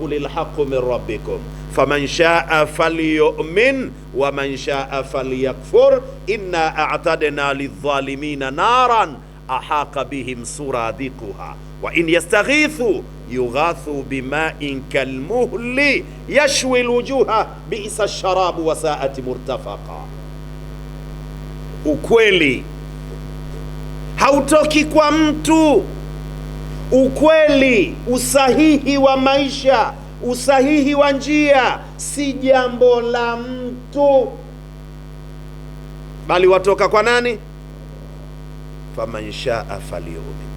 قل الحق من ربكم فمن شاء فليؤمن ومن شاء فليكفر إنا أعتدنا للظالمين نارا أحاق بهم سرادقها وإن يستغيثوا يغاثوا بماء كالمهل يشوي الوجوه بئس الشراب وساءت مرتفقا ukweli hautoki kwa mtu Ukweli, usahihi wa maisha, usahihi wa njia si jambo la mtu, bali watoka kwa nani? Faman shaa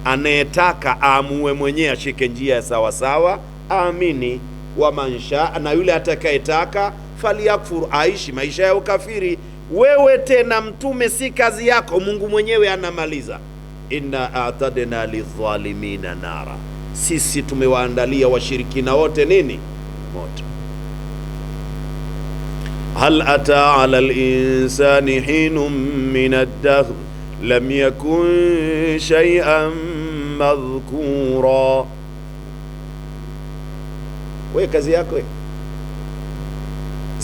anayetaka aamue mwenyewe ashike njia ya sawasawa, aamini. wa mansha, na yule atakayetaka falyakfur, aishi maisha ya ukafiri. Wewe tena mtume, si kazi yako, Mungu mwenyewe anamaliza inna atadna lidhalimina nara, sisi tumewaandalia washirikina wote nini? Moto. hal ata ala linsani hinu min ad lam yakun shay'an madhkura. We kazi yako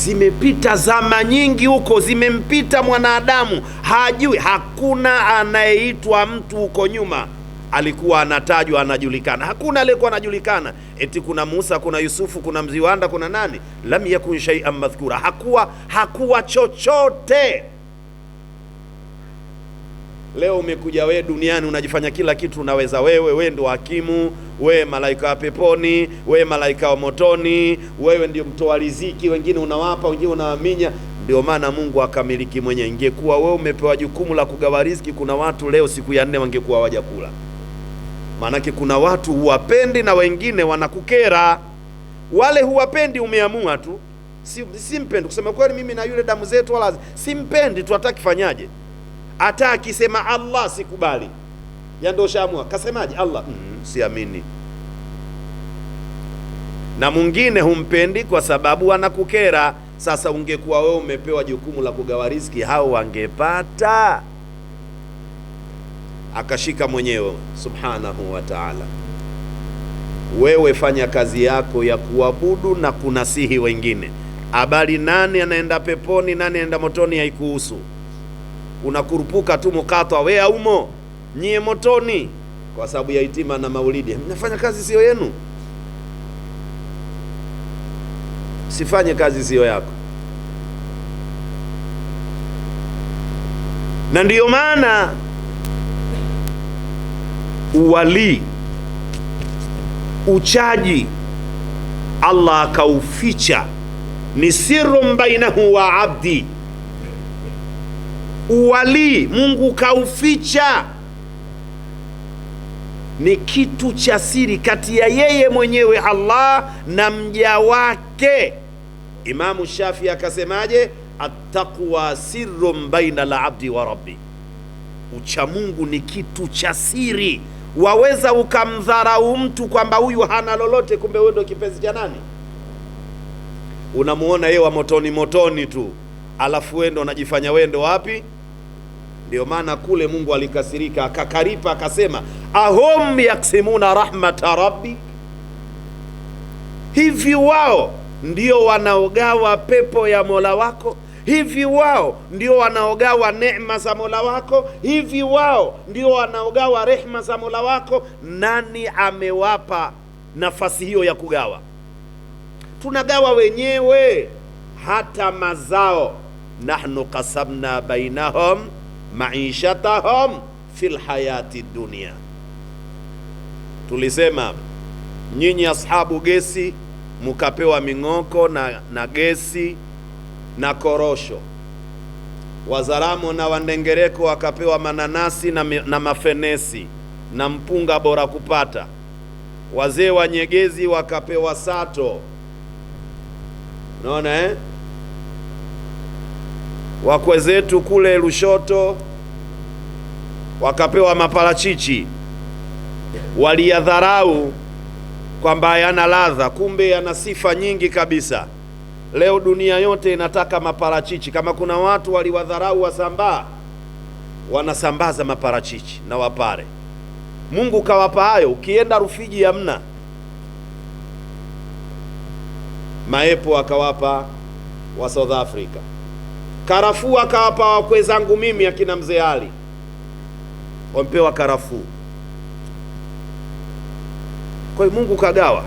Zimepita zama nyingi huko, zimempita mwanadamu, hajui. Hakuna anayeitwa mtu huko nyuma alikuwa anatajwa anajulikana, hakuna aliyekuwa anajulikana eti kuna Musa, kuna Yusufu, kuna Mziwanda, kuna nani. Lam yakun shay'an madhkura, hakuwa hakuwa chochote. Leo umekuja we duniani unajifanya kila kitu unaweza wewe. Wewe ndio hakimu, wewe malaika wa peponi, wewe malaika wa motoni, wewe ndio mtoa riziki. Wengine unawapa, wengine unawaminya. Ndio maana Mungu akamiliki mwenyewe. Ingekuwa wewe umepewa jukumu la kugawa riziki, kuna watu leo siku ya nne wangekuwa wajakula Maanake kuna watu huwapendi na wengine wanakukera. Wale huwapendi umeamua tu, si simpendi. Kusema kweli, mimi na yule damu zetu wala simpendi tu, hataki fanyaje hata akisema Allah sikubali, yando shaamua kasemaje Allah, mm, siamini. Na mwingine humpendi kwa sababu anakukera. Sasa ungekuwa wewe umepewa jukumu la kugawa riziki, hao wangepata, akashika mwenyewe subhanahu wa ta'ala. Wewe fanya kazi yako ya kuabudu na kunasihi wengine. Habari nani anaenda peponi, nani anaenda motoni haikuhusu unakurupuka tu mukatwa, wea umo nyie motoni kwa sababu ya itima na maulidi. Mnafanya kazi sio yenu. Sifanye kazi sio yako, na ndiyo maana uwalii, uchaji Allah akauficha, ni sirrun bainahu wa abdi uwalii Mungu kauficha, ni kitu cha siri kati ya yeye mwenyewe Allah na mja wake. Imamu Shafi akasemaje? attaqwa sirun baina labdi abdi wa rabbi, uchamungu ni kitu cha siri. Waweza ukamdharau mtu kwamba huyu hana lolote, kumbe huyo ndo kipenzi cha nani? Unamuona yeye wa motoni motoni tu, alafu wendo unajifanya wendo wapi ndio maana kule Mungu alikasirika, akakaripa, akasema ahum yaksimuna rahmata rabbi, hivi wao ndio wanaogawa pepo ya Mola wako? Hivi wao ndio wanaogawa neema za Mola wako? Hivi wao ndio wanaogawa rehma za Mola wako? Nani amewapa nafasi hiyo ya kugawa? Tunagawa wenyewe hata mazao. Nahnu kasamna bainahum maishatahum fil hayati dunia. Tulisema nyinyi ashabu gesi mukapewa ming'oko na, na gesi na korosho, Wazaramo na Wandengereko wakapewa mananasi na, na mafenesi na mpunga bora kupata. Wazee wa Nyegezi wakapewa sato, unaona eh? wakwe zetu kule Lushoto wakapewa maparachichi, waliyadharau kwamba yana ladha, kumbe yana sifa nyingi kabisa. Leo dunia yote inataka maparachichi. Kama kuna watu waliwadharau Wasambaa, wanasambaza maparachichi na Wapare. Mungu kawapa hayo. Ukienda Rufiji hamna maepo, akawapa wa South Africa. Karafuu akawapa wakwe zangu mimi, akina mzee Ali wampewa karafuu. Kwa hiyo Mungu kagawa.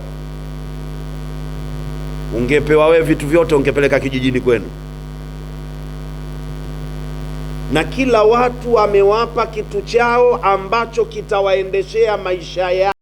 Ungepewa wewe vitu vyote, ungepeleka kijijini kwenu, na kila watu amewapa kitu chao ambacho kitawaendeshea maisha yao.